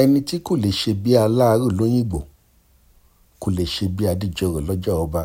ẹni tí kò lè ṣe bíi aláàárọ̀ lòyìnbó kó lè ṣe bíi adíjọrò lọ́jà ọba